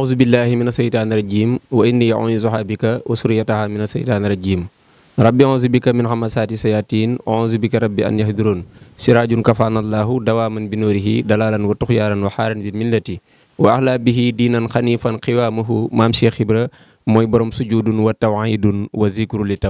auzu billahi mina seytaani rajim wa inni auzuha bika wa suriyataha mina seytaani rajim rabbi auzu bika min hamasaati sayatin auzu bika rabbi an yahdurun siraajun kafaanallahu dawaaman bi nuurihi dalaalan wa tuxyaaran wa xaaran bi millati wa ahla bihi diinan xanifan xiwaamahu maam Cheikh Ibra mooy borom sujudun wa tawaidun wa zikru li ti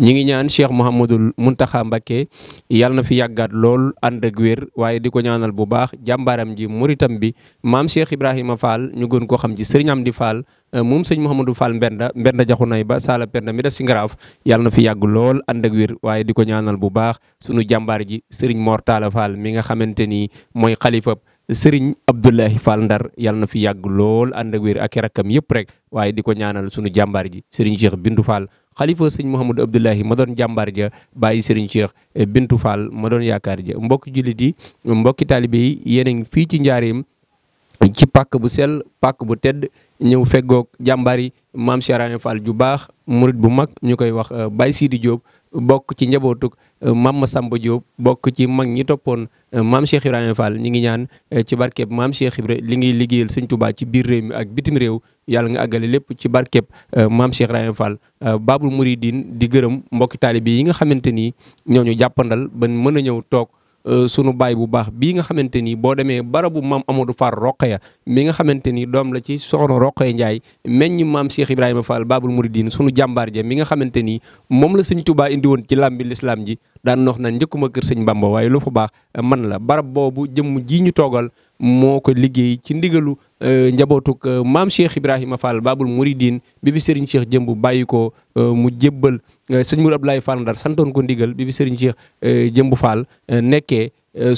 ñi ngi ñaan Cheikh Mouhamadul Muntaxa Mbakke yàlla na fi yàggaat lool ànd ak wér waaye di ko ñaanal bu baax jàmbaaram ji muritam bi maam Cheikh Ibrahima Fall ñu gën koo xam ci Sëriñ Amdi Fall euh, moom sëñ Mouhamadou Fall Mbenda Mbenda jaxunay ba Saala Penda mi des si ngaraaf yàlla na fi yàgg lool ànd ak wér waaye di ko ñaanal bu baax sunu jàmbaar ji Sëriñ Mortala Fall mi nga xamante ni mooy xalifab sëriñ Abdoulahi Fall Ndar yàlla na fi yàgg lool ànd ak wér ak rakkam yëpp rek waaye di ko ñaanal sunu jàmbaar ji sëriñ Cheikh Bintu Fall xalifa sëñ Mouhamadou Abdoulahi ma doon jàmbaar ja bàyyi sëriñ Cheikh eh, Bintu Fall ma doon yaakaar ja mbokki jullit yi mbokki taalibe yi yéen a ngi fii ci njaareem ci pàkk bu sel pàkk bu tedd ñëw fegook jàmbaar yi maam Cheikh Rahim Fall ju baax murit bu mag ñu koy wax eh, Baye Sidi Diop bokk ci njabootuk maam euh, Masamba Diop bokk ci mag ñi toppoon euh, maam Cheikh Ibrahima Fall ñi ngi ñaan euh, ci barkeeb maam Cheikh Ibra li ngay liggéeyal sëñ Touba ci biir réew mi ak bitim réew yàlla nga àggale lépp ci barkeeb maam Cheikh Ibrahima Fall Babul Mouridine di gërëm mbokki taalibe yi nga xamante ni ñoo ñu jàppandal ba mën a ñëw toog Euh, sunu baay bu baax bii nga xamante ni boo demee barabu maam Amadou Fall ya mi nga xamante ni doom la ci roq Roqeya Ndiaye meññ maam Cheikh Ibrahima Fall Babul Mouridine sunu jàmbaar ja mi nga xamante ni moom la sëñ Tuubaa indi woon ci làmbi lislaam ji daan noox na njëkkuma kër sëñ Bamba waaye lu fa baax man la barab boobu jëmm jii ñu toogal moo ko liggéey ci ndigalu Euh, njabootuk euh, maam Cheikh Ibrahima Fall Babul Mouridine bi bi Serigne Cheikh jëmb bàyyi ko euh, mu jébbal sëñ Mour Abdoulaye Fall Ndar santoon ko ndigal bi bi Serigne Cheikh jëmb Fall nekkee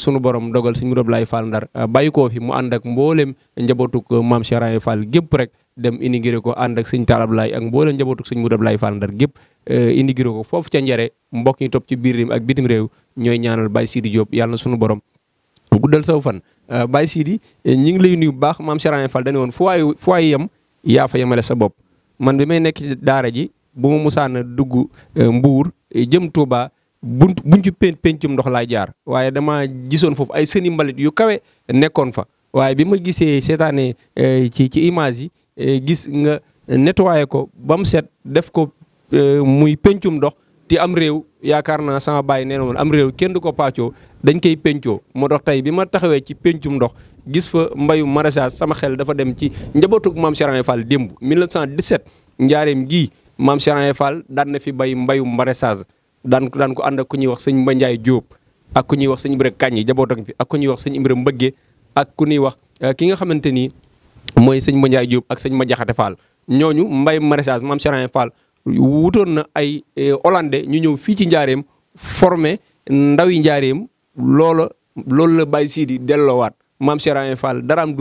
sunu borom dogal sëñ Mour Abdoulaye Fall Ndar bàyyi koo fi mu ànd ak mboolem njabootuk maam Cheikh Ibrahima Fall gépp rek dem indigéré ko ànd ak sëñ Tall Abdoulaye ak mboolem njabootuk sëñ Mour Abdoulaye Fall Ndar gépp indigéré ko foofu ca njare mbokk ñi topp ci biir ak bitim réew ñooy ñaanal Baye Sidi yàlla na borom guddal saw fan euh, Baye Sidi euh, ñi ngi lay nuyu bu baax maam Serigne Fall dañu woon fu waay fu waay yem yaa fa sa bopp man bi may nekk daara ji bu ma musaana dugg euh, Mbuur jëm Touba buñ buñ ci pen pencum ndox laay jaar waaye dama gisoon foofu ay sëni mbalit yu kawe nekkoon fa waaye bi ma gisee seetaane ci ci image yi gis nga nettuwaaye ko ba mu set def ko muy pencum ndox ti am réew yaakaar naa sama baay nee na am réew kenn du ko pàccoo dañ koy pencoo moo tax tey bi ma taxawee ci pencum ndox gis fa mbayu maraîchage sama xel dafa dem ci njabootug maam Serigne Fall démb 1917 njaareem gii maam Serigne Fall daan na fi bay mbayu maraîchage daan daan ko ànd ku ñuy wax sëñ Mba Ndiaye ak ku ñuy wax sëñ Ibra Kañ jabootam fi ak ku ñuy wax sëñ Ibra Mbëgge ak ku ñuy wax eh, ki nga xamante ni mooy sëñ Mba Ndiaye ak sëñ Ma ñooñu mbay maraîchage maam Serigne Fall. wutoon na ay eh, olande ñu ñëw fii ci njaareem formé ndaw yi njaareem loola loolu la Baye Sidi delloowaat maam Cheikh Ibra Fall daraam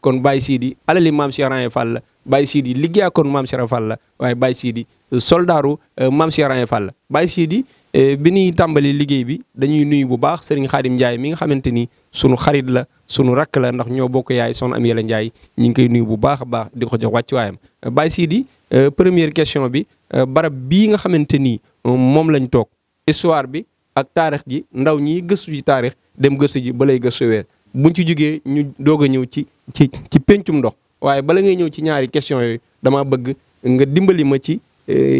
kon Baye Sidi alali maam Cheikh Ibra la Baye Sidi kon maam Cheikh Ibra Fall la waaye Baye Sidi eh, soldaaru eh, maam Cheikh Ibra Fall la Baye Sidi bi ñuy tàmbali liggéey bi dañuy nuyu bu baax sëriñ Khadim Ndiaye mi nga xamante ni sunu xarit la sunu rakk la ndax ñoo bokk yaay son am yàlla Ndiaye ñu ngi koy nuyu bu baax a baax di ko jox wàccuwaayam Baye Sidi Euh, première question bi euh, barab bii nga xamante ni euh, moom lañu toog histoire bi ak taarix ji ndaw ñi gëstu ci taarix dem gëstu ji balay gëstuwee buñ ci jógee ñu doog a ñëw ci ci ci péncum ndox waaye bala ngay ñëw ci ñaari question yooyu dama bëgg nga dimbali ma ci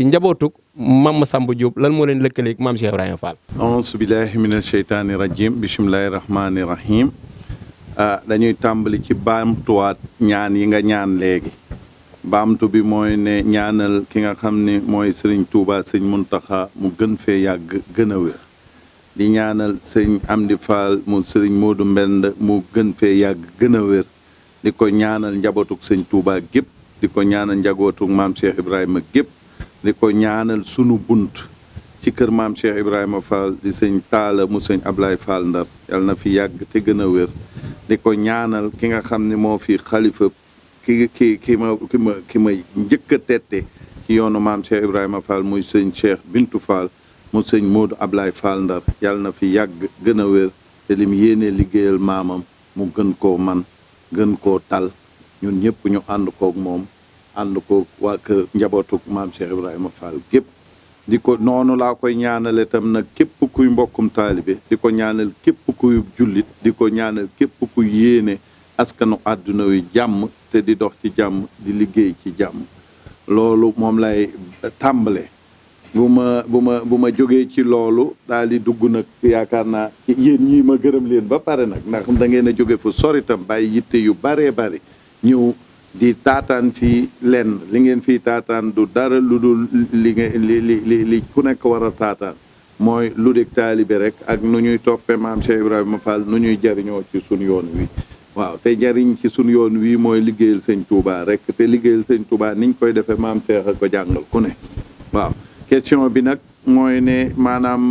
njabootuk Mame Massamba Diop lan moo leen lëkkaleeg Mame Cheikh Ibrahima Fall aousu billahi min asheytaani rajim bismillahi rahmaani rahim ah, dañuy tàmbali ci baamtuwaat ñaan yi nga ñaan léegi baamtu bi mooy ne ñaanal ki nga xam ni mooy sëriñ Touba sëñ Muntaxa mu gën fee yàgg gën a wér di ñaanal sëñ Amdi Fall mu sëriñ Moodu Mbend mu gën fee yàgg gën a wér di ko ñaanal njabootug sëñ Touba gépp di ko ñaanal njabootug maam Cheikh Ibrahima gépp di ko ñaanal sunu bunt ci kër maam Cheikh Ibrahima Fall di sëñ Taala mu sëñ Ablaye Fall Ndar yàlla na fi yàgg te gën a wér di ko ñaanal ki nga xam ni moo fi xalifa ki ki ki ma ki ma ki tette ci yoonu maam Cheikh Ibrahima Fall muy sëñ Cheikh Bintu Fall mu sëñ Modou Ablaye Fall Ndar yàlla na fi yàgg gën a wér te lim yéenee liggéeyal maamam mu gën ko man gën koo tal ñun ñëpp ñu ànd koog moom ànd koog waa kër njabootu maam Cheikh Ibrahima Fall gépp di ko noonu laa koy ñaanale tam na képp kuy mbokkum taalibe di ko ñaanal képp kuy jullit di ko ñaanal képp ku yéene askanu àdduna wi jàmm te di dox ci jàmm di liggéey ci jàmm loolu moom lay tàmbale bu ma bu ma bu ma jógee ci loolu daal dugg nag yaakaar naa yéen ñii ma gërëm leen ba pare nag ndax dangeen a jóge fu soritam tam bàyyi yitte yu baree bari ñëw di taataan fi lenn li ngeen fi taataan du dara lu dul li li ku nekk war a taataan mooy lu dég taalibe rek ak nu ñuy toppee maam Cheikh Ibrahima Fall nu ñuy jariñoo ci sunu yoonu wi waaw te jariñ ci sunu yoon wii mooy liggéeyal sëñ Touba rek te liggéeyal sëñ Touba niñ koy defe maam Cheikh ko jàngal ku ne waaw question bi nag mooy ne maanaam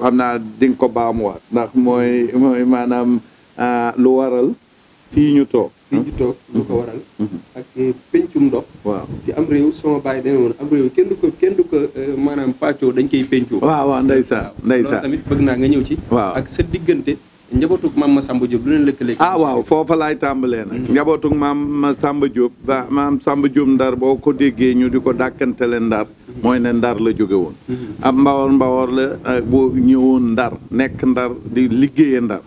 xam naa di ko baamuwaat ndax mooy mooy maanaam ah, lu waral fii ñu toog fii ñu toog lu ko waral mm-hmm. Mm-hmm. ak eh, ndox waaw ci am réew sama bàyyi dañu woon am réew kenn du ko kenn du ko eh, maanaam pàccoo dañ koy pencoo waaw waaw ndeysaan ndeysaan naa nga ñëw ci waaw ak sa diggante njabootug maam Masamba Diop du leen lëkkale. ah waaw foofa laay tàmbalee nag. Mm-hmm. njabootug maam Masamba Diop ba maam Samba Diop ndar boo ko déggee ñu di ko dàkkantele ndar. mooy ne ndar la jóge woon. Mm-hmm. ab mbawor mbawor la eh, boo ñëwoon ndar nekk ndar di liggéeye ndar.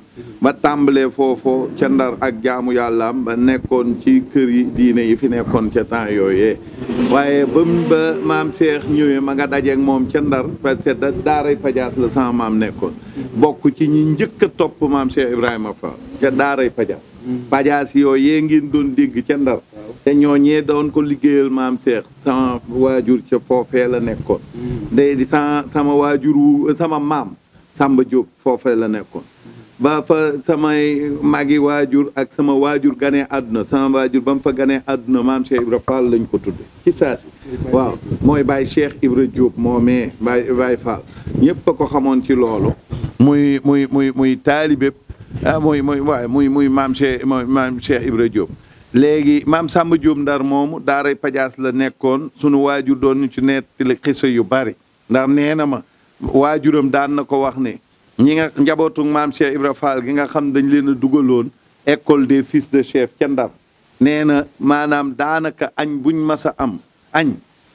ba tàmbalee foofu ca ndar ak jaamu yàlla yàllaam ba nekkoon ci kër yi diine yi fi nekkoon ca temps yooyee waaye ba mu ba maam Cheikh ñëwee ma nga dajeeg moom ca ndar parce que da daaray Pajaas la sama maam nekkoon bokk ci ñu njëkk a topp maam Cheikh Ibrahima fa ca daaray Pajaas Pajaas yooyee ngeen doon dégg ca ndar te ñooñee doon ko liggéeyal maam Cheikh sama waajur ca foofee la nekkoon. Mm. ndey di sama waajur sama maam Samba Diop foofee la nekkoon ba fa samay magi waajur ak sama waajur ganee àdduna sama waajur ba mu fa ganee àdduna maam Cheikh Ibra Fall lañ ko tudde ci waaw mooy Baye Cheikh Ibra jóob moomee Baye Baye Fall ñëpp a ko xamoon ci loolu muy muy muy muy taalibe ah muy muy waaye muy muy maam Cheikh maam Cheikh Ibra Diop léegi maam Samba Diop ndar moomu daaray Pajaas la nekkoon sunu waajur doon ñu ci nettali xisa yu bari ndax nee na ma waajuram daan na ko wax ne ñi nga njabootu maam Cheikh Ibra Fall gi nga xam dañ leen a dugaloon école des fils de chef ca Ndar nee na maanaam daanaka añ buñ mas a am añ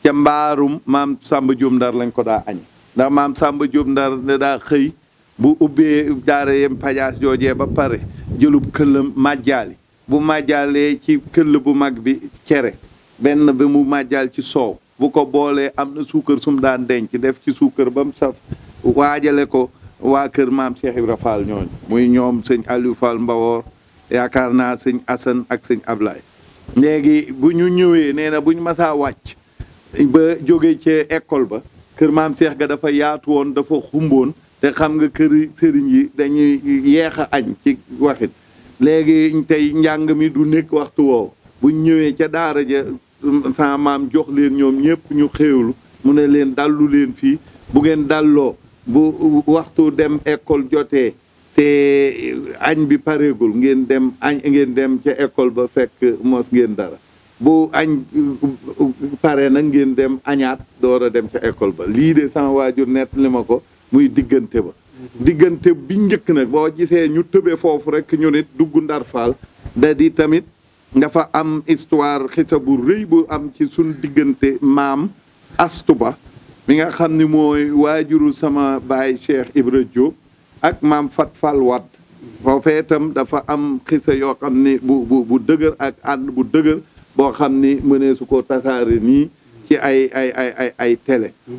ca mbaarum maam Samba Diop Ndar lañ ko daa añ ndax maam Samba Diop Ndar ne daa xëy bu ubbee daara yem pajaas joojee ba pare jëlub këllam màjjaali bu màjjaalee ci këll bu mag bi cere benn bi mu màjjaal ci soow bu ko boolee am na suukar sum daan denc def ci suukar ba mu saf waajale ko waa kër maam Cheikh Ibra Fall muy ñoom sëñ Aliou Fall Mbawoor yaakaar naa sëñ Assane ak sëñ Ablaye léegi bu ñu ñëwee nee na bu masaa wàcc ba jóge ca école ba kër maam Cheikh ga dafa yaatu woon dafa xumboon te xam nga kër sëriñ yi dañuy yeex a añ ci waxit léegi tey njàng mi du nekk waxtu woow bu ñu ñëwee ca daara ja sa maam jox leen ñoom ñëpp ñu xéewlu mu ne leen dàllu leen fii bu ngeen dalloo bu waxtu dem école jotee te añ bi pareegul ngeen dem añ ngeen dem ca école ba fekk mos ngeen dara bu añ pare nag ngeen dem añaat door a dem ca école ba lii de sama waajur nett li ma ko muy diggante ba diggante bi njëkk nag boo gisee ñu tëbe foofu rek ñu nit dugg Ndar Faal da di tamit dafa am histoire xisa bu rëy bu am ci suñ diggante maam astuba bi nga xam ni mooy waajuru sama baay Cheikh Ibra Diop ak maam Fat Fall Wadd foofee dafa am xisa yoo xam ni bu bu bu dëgër ak ànd bu dëgër boo xam ni mënee ko tasaare nii ci ay ay ay ay ay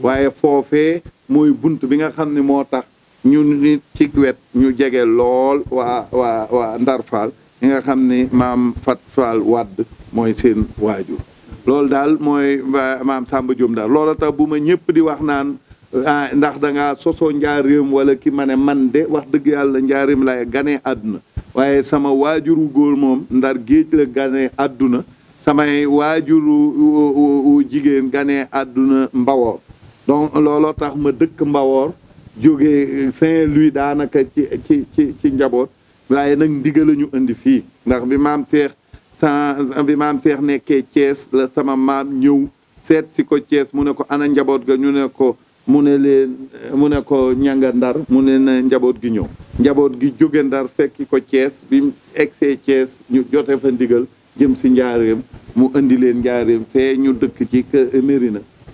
waaye foofee mooy bunt bi nga xam ni moo tax ñu nit ci wet ñu jege lool waa waa waa Ndar Fall nga xam ni maam fatfal Fall Wadd mooy seen waajur loolu daal mooy maam Samba Diom daal loola tax bu ma ñëpp di wax naan eh, ah ndax danga ngaa sosoo njaareem wala kii ma ne man de wax dëgg yàlla njaareem lay ganee àdduna waaye sama waajuru góor moom ndar géej la ganee àdduna samay waajuru jigéen ganee àdduna mbawoor donc looloo tax ma dëkk mbawoor jóge Saint-Louis daanaka ci ci ci njaboot waaye nag ndigal la ñu indi fii ndax bi maam Seex sans bi maam Seex nekkee Thiès la sama maam ñëw seet si ko Thiès mu ne ko ana njaboot ga ñu ne ko mu ne leen mu ne ko ñanga ndar mu ne na njaboot gi ñëw njaboot gi jóge ndar fekki ko Thiès bi egsee Thiès ñu jote fa ndigal jëm si njaareem mu indi leen njaareem fee ñu dëkk ci kër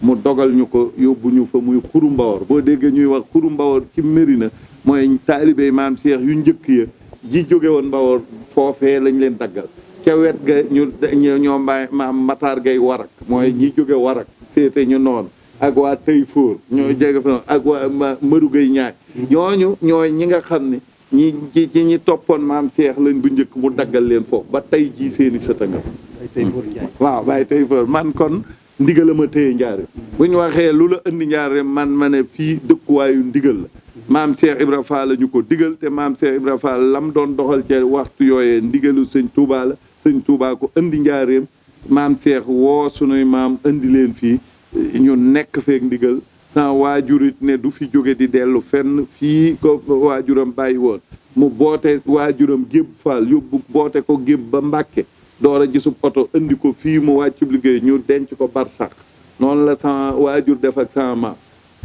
mu dogal ñu ko yóbbu ñu fa muy xuru mbawor boo déggee ñuy wax xuru mbawor ci Mérina mooy taalibe maam Cheikh yu njëkk ya ji jóge woon mbawor foofee lañ leen daggal ca wet ga ñu ñoo maam mataar Gay Warak mooy ñi jóge Warak féete ñu noonu ak waa tey fóor ñoo mm-hmm. jege fa ak waa Madou Gay ñaay mm-hmm. ñooñu ñooy ñi nga xam ne ñi ci ci ñi toppoon maam Cheikh lañ bu njëkk mu daggal leen foofu ba tey jii seeni sëta nga mm. waaw waaye tey fóor man kon ndigal a ma téye njaareem mm. bu ñu waxee lu la indi njaareem man ma ne fii dëkkuwaayu ndigal la mm. maam Cheikh Ibra Fall la ñu ko digal te maam Cheikh Ibra Fall lam doon doxal ca waxtu yooyee ndigalu sëñ Tuubaa la sëñ Touba ko indi njaareem maam Cheikh woo sunuy maam indi leen fii ñu nekk feek ndigal waajur it ne du fi jóge di dellu fenn fii ko waajuram bàyyi woon mu boote waajuram gébb faal yóbbu boote ko gébb ba Mbàkke door a gisub oto indi ko fii mu wàcc liggéey ñu denc ko bar sax noonu la sama waajur def ak sama maam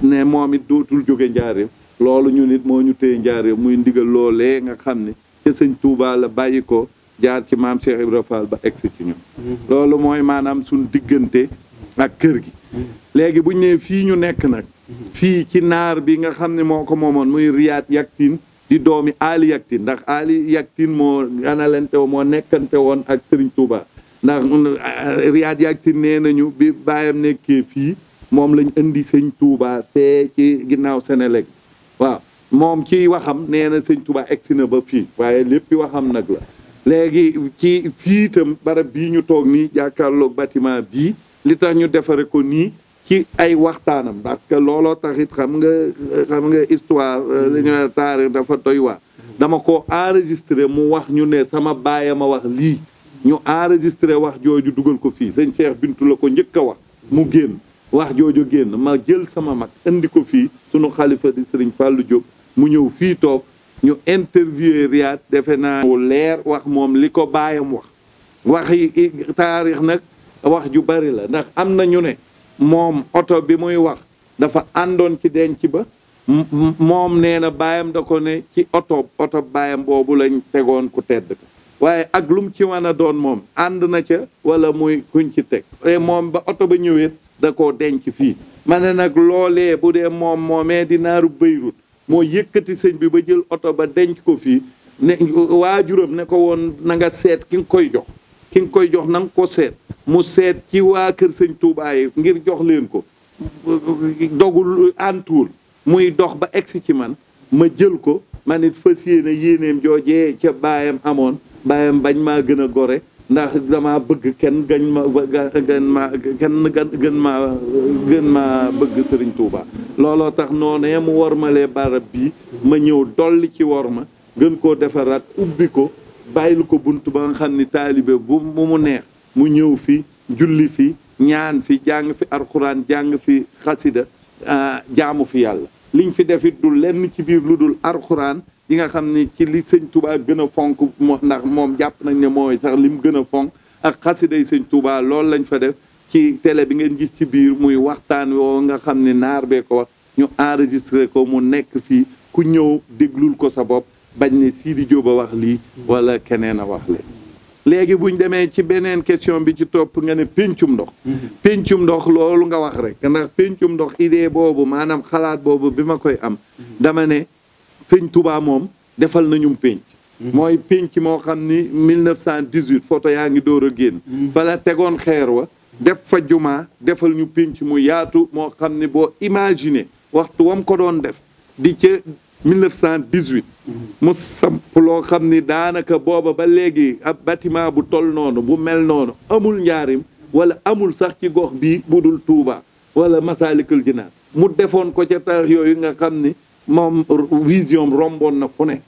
ne moom it dootul jóge njaareem loolu ñu nit moo ñu téye njaareem muy ndigal loolee nga xam ni ca sëñ Touba la bàyyi ko jaar ci maam Cheikh Ibra Fall ba egsi ci ñun loolu mooy maanaam suñ diggante ak kër gi léegi buñ nee fii ñu nekk nag fii ci naar bi nga xam ne moo ko moomoon muy Riyad Yactine di doomi Ali Yactine ndax Ali Yactine moo ganalante woo moo nekkante woon ak Serigne Touba ndax eh, Riyad Yactine nee nañu bi baayam nekkee fii moom lañ indi sëñ Touba fee ci ginnaaw Sénélec waaw moom ci waxam nee na sëñ Touba egsi na ba fii waaye léppi waxam nag la léegi ci fii itam barab bii ñu toog nii jàkkaarloog bâtiment bii li tax ñu defare ko nii ci ay waxtaanam parce que looloo taxit xam nga xam nga histoire euh, li dafa doy waar dama ko enregistré mu wax ñu ne sama baay a wax lii ñu enregistré wax jooju dugal ko fii sëñ Cheikh Bintu la ko njëkk a wax mu génn wax jooju génn ma jël sama mag indi ko fii sunu xalifa di sëriñ Fallou Diop mu ñëw fii toog ñu interviewé Riyad defe naa leer wax moom li ko baayam wax waxi taarix nag wax ju bari la ndax am nañu ne moom oto bi muy wax dafa àndoon ci denc ba moom nee na baayam da ko ne ci oto oto baayam boobu lañ tegoon ku tedd ko waaye ak lum ci wan a doon moom ànd na ca wala muy kuñ ci teg moom ba oto ba ñëwee da koo denc fii ma ne nag loolee bu dee moom moomee di naaru Beyrut moo yëkkati sëñ bi ba jël oto ba denc ko fii ne waajuram ne ko woon nanga seet ki nga koy jox ki nga koy jox nanga ko seet mu seet ci waa kër sëñ Tuubaa ngir jox leen ko dogul àntuwul muy dox ba egsi ci man ma jël ko man it fas yéene yéeneem joojee ca baayam amoon baayam bañ maa gën a gore ndax dama bëgg kenn gën ma kenn gën ma gën ma bëgg Serigne Touba looloo tax noonee mu wormalee barab bii ma ñëw dolli ci worma gën koo defaraat ubbi ko bàyyil ko bunt ba nga xam ni taalibe bu mu neex mu ñëw fi julli fi ñaan fi jàng fi alxuraan jàng fi xasida ah, jaamu fi yàlla liñ fi defit du lenn ci biir lu dul alxuraan yi nga xam ni ci li sëñ Touba gën a fonk moo ndax moom jàpp nañ ne mooy sax li mu gën a fonk ak xasiday sëñ Touba loolu lañ fa def ci télé bi ngeen gis ci biir muy waxtaan woo nga xam ni naar bee ko wax ñu enregistré ko mu nekk fii ku ñëw déglul ko sa bopp bañ ne Sidi Diop a wax lii wala keneen a wax leen léegi bu ñu demee ci beneen question bi ci topp nga ne péncum ndox mm-hmm. péncum ndox loolu nga wax rek ndax péncum ndox idée boobu maanaam xalaat boobu bi ma koy am mm-hmm. dama sëñ Touba moom defal nañu pénc mhm. mooy pénc moo xam ni 1918 photo yaa ngi door a génn mhm. fa tegoon xeer wa def fa jumaa defal ñu pinc mu yaatu moo xam ni boo imaginer waxtu wam ko doon def di ca 1918 mhm. mu samp loo xam ni daanaka booba ba léegi ab bâtiment bu tol noonu bu mel noonu amul njaarim wala amul sax ci gox bi bu dul tuuba wala Masaalikul Jinaan mu defoon ko ca tax yooyu nga xam ni moom vision romboon na fu ne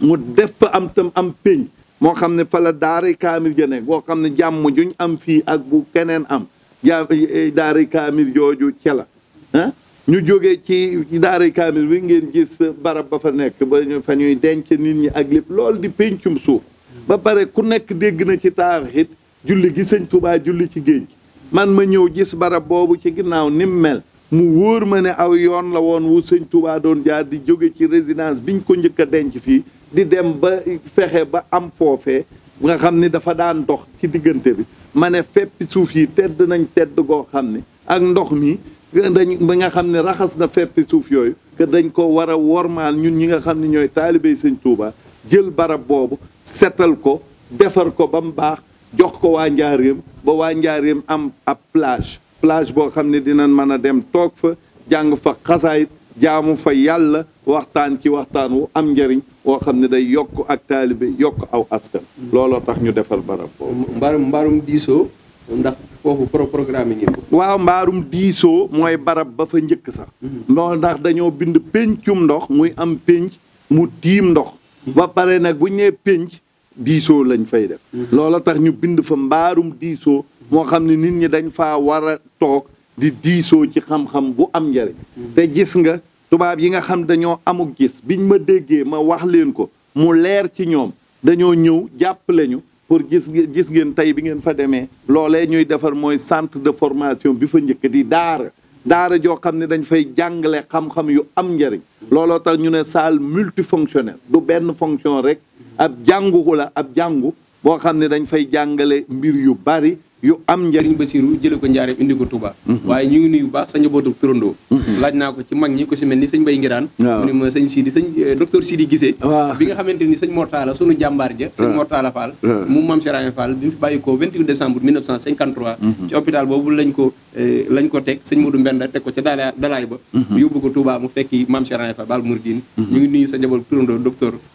mu def am tam am péñ moo xam ne fa la daaray kaamil ja nekk boo xam ne jàmm juñ am fii ak bu keneen am ja eh, eh, daaray kaamil jooju ca la ñu jógee ci daaray kaamil bi ngeen gis barab ba fa nekk ba fa ñuy denc nit ñi ak lépp lool di péncum suuf ba pare ku nekk dégg na ci taarixit julli gi sëñ Tuubaa julli ci géej man ma ñëw gis barab boobu ci ginnaaw nim mel mu wóor ma ne aw yoon la woon wu sëñ Touba doon jaar di jóge ci résidence biñ ko njëkk denc fii di dem ba fexe ba am foofee nga xam ni dafa daan dox ci diggante bi ma ne feppi suuf yi tedd nañ tedd goo xam ne ak ndox mi dañ ba nga xam ne raxas na feppi suuf yooyu que dañ ko war a wormaal ñun ñi nga xam ne ñooy taalibey sëñ Touba jël barab boobu setal ko defar ko ba mu baax jox ko waa njaareem ba waa njaareem am ab plage plage boo xam ne dinañ mën a dem toog fa jàng fa xasaayit jaamu fa yàlla waxtaan ci waxtaan wu am njëriñ woo xam ne day yokk ak taalibe yokk aw askan looloo tax ñu defar barab mbarum mbaarum diisoo ndax foofu pro programme ngeen ko waaw mbaarum diisoo mooy barab ba fa njëkk sax mhm. loolu ndax dañoo bind péncum ndox muy am pénc mu tiim ndox mhm. ba pare nag bu ñu nee diisoo lañ fay def mhm. loola tax ñu bind fa mbaarum diisoo moo xam ne nit ñi dañ fa war a toog di diisoo ci xam-xam bu am njariñ te gis nga tubaab yi nga xam dañoo amuk gis biñ ma déggee ma wax leen ko mu leer ci ñoom dañoo ñëw jàppale ñu pour gis gis ngeen tey bi ngeen fa demee loolee ñuy defar mooy centre de formation bi fa njëkk di daara daara joo xam ne dañ fay jàngale xam-xam yu am njariñ looloo tax ñu ne salle multifonctionnelle du benn fonction rek ab jàngu la ab jàngu boo xam ne dañ fay jàngale mbir yu bari yu am njariñ Basiru jële ko njaareem indi ko Touba mhm. waaye ñu ngi nuyu baax sa njabootu turandoo mhm. laaj naa ko ci mag ñi ko si mel ni sëñ Mbay Ngiraan mu ne ma sëñ Sidi sëñ euh, docteur Sidi Gisee bi nga sa njabootu turandoo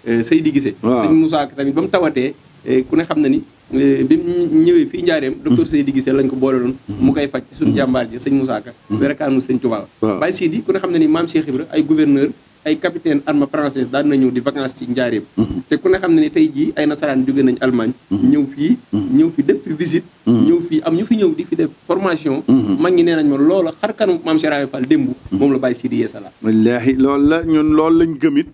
euh, tamit ba mu tawatee Eh, ku ne xam na ni eh, bi mu ñëwee fii njaareem mm-hmm. docteur Seydi Guissé lañ ko boole loon mm-hmm. mu koy faj suñu mm-hmm. jàmbaar ji sëñ Moussa Ka werakaanu sëñ Touba Baye Seydi ku ne xam na ni maam Cheikh Ibra ay gouverneur ay capitaine armée française daan na ñëw di vacances ci njaareem te ku ne xam ne ni tey jii ay nasaraan jóge nañ Allemagne ñëw fii ñëw fi def fi visite ñëw fii am ñu fi ñëw di fi def formation mag ñi nee nañ ma loola xar kanam maam Cheikh Ibra Fall démb moom la Baye Seydi yeesala la ñun loolu lañ gëmit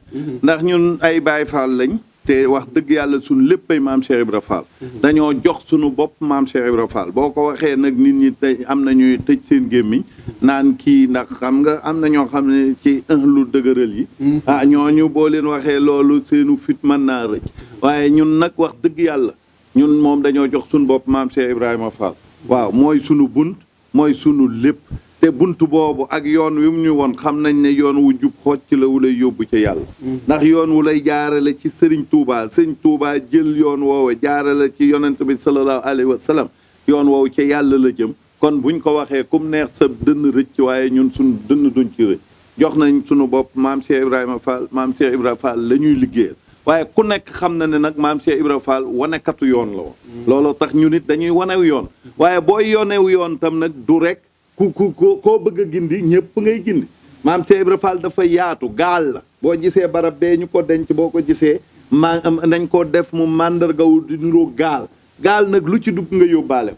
ndax ñun ay Baye Fall lañ te wax dëgg yàlla suñ léppay maam Cheikh Ibra Fall mhm. dañoo jox suñu bopp maam Cheikh Ibra boo ko waxee nag nit ñi tey am nañuy tëj seen gémmiñ mhm. naan kii ndax xam nga am na ñoo xam ne ci lu dëgëral yi mhm. ah ñoo ñu boo leen waxee loolu seenu fit mën naa rëcc waaye ñun nag wax dëgg yàlla ñun moom dañoo jox suñu bopp maam Cheikh Ibrahima Fall waaw mooy sunu bunt mooy sunu lépp te bunt boobu ak yoon wi mu ñu woon xam nañ ne yoon wu jub xocc la wu lay yóbbu ca yàlla mm-hmm. ndax yoon wu lay jaarale ci sëriñ Touba sëriñ Touba jël yoon woowa jaarale ci yonent bi sallallahu alayhi wa sallam yoon woowu ca yàlla la jëm kon buñ ko waxee kum neex sa dënn rëcc waaye ñun suñu dënn duñ ci rëcc jox nañ sunu bopp maam Cheikh Ibrahima Fall maam Cheikh Ibrahima Fall la ñuy liggéeyal waaye ku nekk xam na ne nag maam Cheikh Ibrahima Fall wanekatu yoon la mm-hmm. tax ñu nit dañuy wanew yoon mm-hmm. du rek ku ku koo bëgg a gindi ñëpp ngay gindi maam Cheikh Ibra dafa yaatu gaal la boo gisee barab bee ñu ko denc boo ko gisee ma nañ ko def mu màndargawu di nuroo gaal gaal nag lu ci dugg nga yóbbaale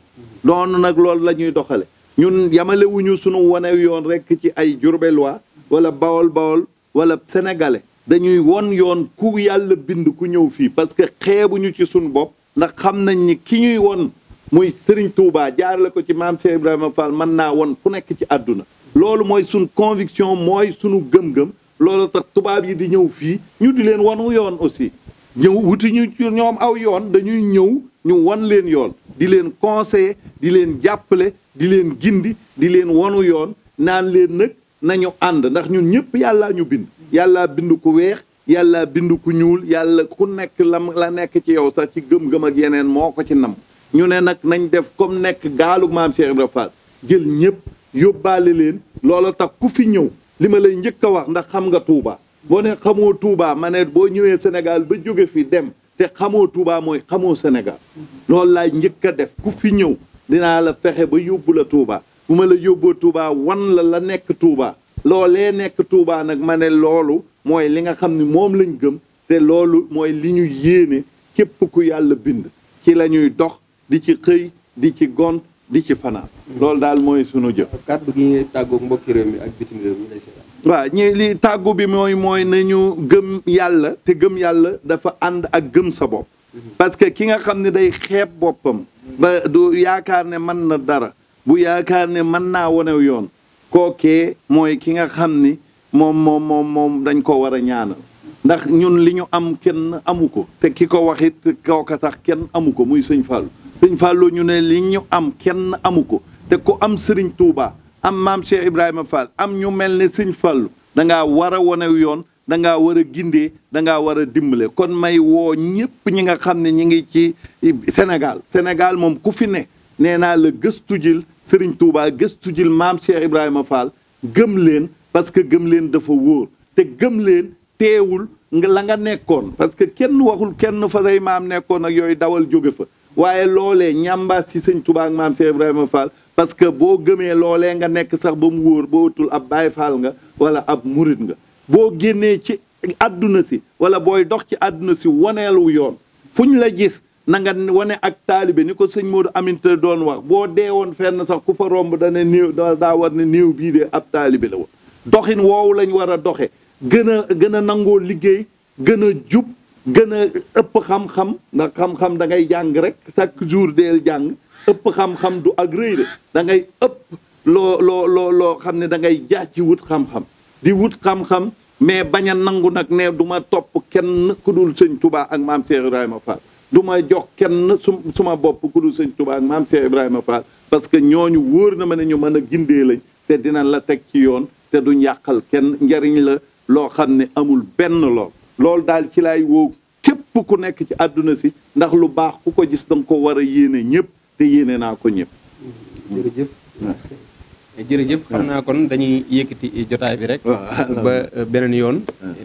doon nag loolu la ñuy doxale ñun yamalewuñu suñu wane yoon rek ci ay jurbelois wala bawol bawol wala sénégalais dañuy won yoon ku yàlla bind ku ñëw fii parce que xeebuñu ci suñu bopp ndax xam nañ ki ñuy won muy Serigne Touba jaarale ko ci maam Cheikh Ibrahima Fall mën naa woon fu nekk ci àdduna loolu mooy suñ conviction mooy suñu gëm-gëm loolu tax tubaab yi di ñëw fii ñu di leen wanu yoon aussi ñëw wuti ñu ñoom aw yoon dañuy ñëw ñu wan leen yoon di leen conseiller di leen jàppale di leen gindi di leen wanu yoon naan leen nag nañu ànd ndax ñun ñëpp yàllaa ñu bind yàlla bind ku weex yàlla bind ku ñuul yàlla ku nekk lam la nekk ci yow sax ci gëm-gëm ak yeneen moo ko ci nam ñu ne nag nañ def comme nekk gaalu maam Cheikh Ibra jël ñëpp yóbbaale leen loolu tax ku fi ñëw li ma lay njëkk a wax ndax xam nga Touba boo ne xamoo Touba ma ne boo ñëwee Sénégal ba jóge fi dem te xamoo Touba mooy xamoo senegal loolu laay njëkk a def ku fi ñëw dinaa la fexe ba yóbbu la Touba bu ma la yóbboo Touba wan la la nekk Touba loolee nekk Touba nag ma ne loolu mooy li nga xam ni moom lañ gëm te loolu mooy li ñuy yéene képp ku yàlla bind ci la ñuy dox di ci xëy di ci gont di ci fanaan loolu daal mooy sunu jëf kàddu gi ngay tàggoog mbokki ak waaw ñi li tàggu bi mooy mooy nañu gëm yàlla te gëm yàlla dafa ànd ak gëm sa bopp mhm. parce que ki nga xam ne day xeeb boppam ba du yaakaar ne mën na dara bu yaakaar ne man naa wonew yoon kookee mooy ki nga xam ni moom moom moom dañ ko war a ñaanal ndax ñun li ñu am kenn amu ko te ki ko waxit kooka sax kenn amu ko muy sëñ fal sëñ Fallou ñu ne li ñu am kenn amu ko te ku am Serigne Touba am maam Cheikh Ibrahima Fall am ñu mel ne sëñ Fallou da ngaa war a wane yoon da ngaa war a gindee da ngaa war a dimbale kon may woo ñëpp ñi nga xam ne ñi ngi ci Sénégal Sénégal moom ku fi ne nee naa la gëstu jil Serigne Touba gëstu jil maam Cheikh Ibrahima Fall gëm leen parce que gëm leen dafa wóor te gëm leen teewul nga la nga nekkoon parce que kenn waxul kenn fa say maam nekkoon ak yooyu dawal jóge fa waaye loolee ñàmbaas si sëñ Tuubaa ak maam Cheikh Ibrahima Fall parce que boo gëmee loolee nga nekk sax ba mu wóor boo utul ab Baay Faal nga wala ab murit nga boo génnee ci àdduna si wala booy dox ci àdduna si waneelu yoon fu ñu la gis nanga nga wane ak taalibe ni ko sëñ Modou amint doon wax boo dee woon fenn sax ku fa romb dana néew daa war ne néew bii de ab taalibe la woon doxin woowu lañ war a doxe gën a gën a nangoo liggéey gën a jub gën a ëpp xam-xam ndax xam-xam da ngay jàng rek chaque jour deel jàng ëpp xam-xam du ak rëy da ngay ëpp loo loo loo xam ne da ngay jaaj ci wut xam-xam di wut xam-xam mais bañ a nangu nag ne duma topp kenn ku dul sëñ Touba ak maam Cheikh Ibrahima Fall du jox kenn su suma bopp ku sëñ Touba ak Ibrahima Fall parce que ñoo ñu wóor na ma ne ñu mën a gindee lañ te dinañ la teg ci yoon te du yàqal kenn njariñ la loo xam ne amul benn lool loolu daal ci laay woo képp ku nekk ci àdduna si ndax lu baax ku ko gis danga ko war a yéene ñëpp te yéene naa ko ñëpp. jërëjëf. Eh, xam naa kon dañuy yëkkati jotaay bi rek. ba eh, beneen yoon.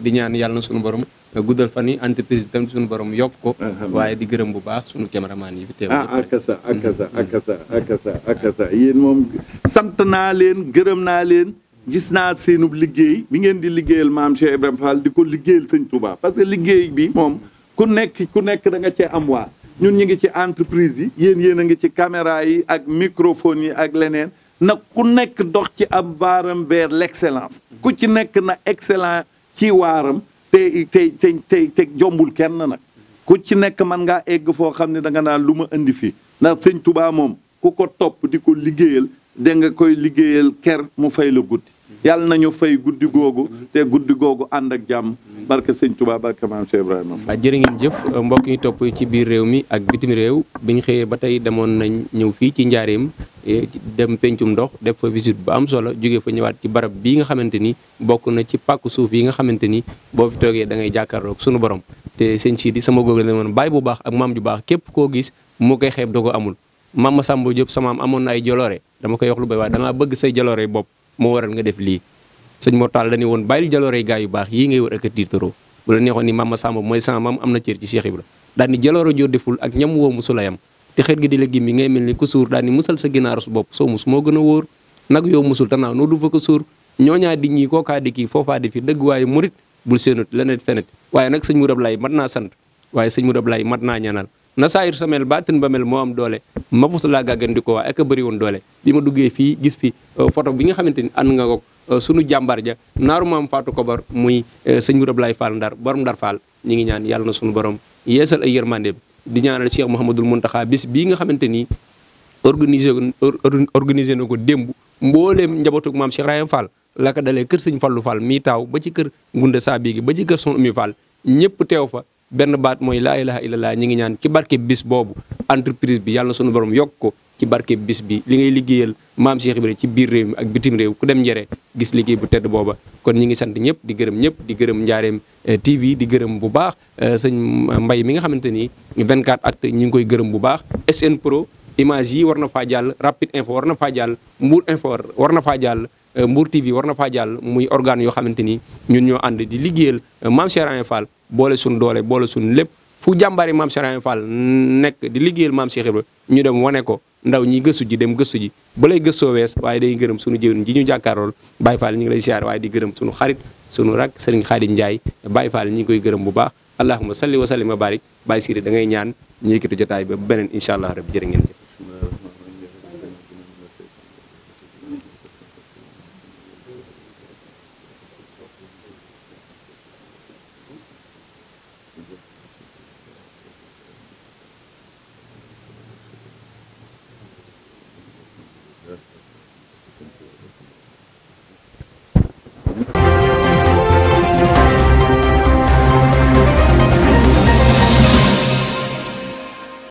di ñaan yàlla na sunu borom. Eh, guddal fa yi entreprise bi tam sunu borom yokk ko. waaye di gërëm bu baax sunu caméraman yi fi teew. ah akasa akasa mm-hmm. akasa akasa akasa yéen moom sant naa leen gërëm naa leen. gis naa seenub liggéey bi ngeen di liggéeyal maam Cheikh Ibrahima di ko liggéeyal sëñ Touba parce que liggéey bi moom ku nekk ku nekk da nga cee am waa ñun ñu ngi ci entreprise yi yéen yéen a ngi ci caméra yi ak microphone yi ak leneen nag ku nekk dox ci ab baaram vers l'excellence ku ci nekk na excellent ci waaram te te te te jombul kenn nag ku ci nekk man nga egg foo xam ne danga naan lu ma indi fi ndax sëñ Touba moom ku ko topp di ko liggéeyal da nga koy liggéeyal ker mu fay yàlla na ñu fay guddi googu te guddi googu ànd ak jàmm barke sëñ Touba barke maam Cheikh Ibrahima. waaw jërë ngeen jëf mbokk yi topp ci biir réew mi ak bitim réew bi ñu xëyee ba tey demoon nañ ñëw fii ci njaareem eh, dem pencum ndox def fa bu am solo jóge fa ñëwaat ci barab bii nga xamante ni bokk na ci pàkku suuf yi nga xamante ni boo fi toogee da ngay jàkkaarloog sunu borom te sëñ Sidi sama góor la woon bu baax ak maam ju baax képp koo gis moo koy xeeb da ko amul maam Samba Diop sama am amoon na ay joloore dama koy wax lu bay waaye dama bëgg say joloore bopp moo waral nga def lii sëñ Mor Tall dañu woon bàyyil jaloorey gaa yu baax yii ngay war ak a tiitaroo bu la neexoon ni maam Samba mooy sama maam am na cër ci Cheikh Ibra daal ni jalooro joo deful ak ñam woo musulayam te xet gi di la gimmi ngay mel ni ku suur daal ni musal sa ginaaru su bopp soo mus moo gën a wóor nag yow musul tanaaw noo du a ko suur ñooñaa di ñii kookaa di kii foofaa di fi dëgg waaye murit bul séenut leneen fenet waaye nag sëñ Mourab Laye mat naa sant waaye sëñ Mourab Laye mat naa ñaanal na saayir sa mel baatin ba mel moo am doole ma fus laa gàggandikoo waa ak a bëri woon doole bi ma duggee fii gis fi foto euh, bi nga xamante ni ànd nga ko euh, sunu jàmbaar ja naaru maam faatu kobar muy euh, sëñ Mourou laay Fall Ndar borom Ndar Fall ñi ngi ñaan yàlla na sunu borom yeesal ay yërmandeem di ñaanal Cheikh Mouhamadul Mountakha bis bii nga xamante ni organisé organisé na ko démb mbooleem njabootug maam Cheikh Rayam Fall la ko dalee kër sëñ Fallu Fall mii taaw ba ci kër Ngunda Saabi ba ci kër son Umi Fall ñëpp teew fa benn baat mooy laa ilaha illallah ñi ngi ñaan ci barke bis boobu entreprise bi yàlla na sunu borom yokk ko ci barke bis bi li ngay liggéeyal maam Cheikh Ibrahima ci biir réew mi ak bitim réew ku dem njëre gis liggéey bu tedd booba kon ñi ngi sant ñëpp di gërëm ñëpp di gërëm njaareem eh, TV di gërëm bu baax eh, sañ Mbay mi nga xamante ni 24 actu ñu ngi koy gërëm bu baax SN Pro image yi war na faa jàll Rapide Info war na faa jàll Mbour Info war na faa jàll Euh, Mbour TV war na faa jàll muy organe yoo xamante ni ñun ñoo ànd di liggéeyal euh, Mame Cheikh Ibrahima boole suñu doole boole suñu lépp fu jàmbari Mame Cheikh Ibrahima Fall nekk di liggéeyal Mame Cheikh Ibra ñu dem wane ko ndaw ñi gësu ji dem gëstu ji ba lay gëstoo wees waaye day gërëm suñu jëwriñ ji ñu jàkkaarool Baye Fall ñu ngi lay siyaar waaye di gërëm suñu xarit suñu rak Serigne Khadim Ndiaye Baye faal ñu ngi koy gërëm bu baax allahuma salli wa sallim wa barik Baye Siri da ngay ñaan ñu yëkkati jotaay ba beneen incha allah rabbi jërë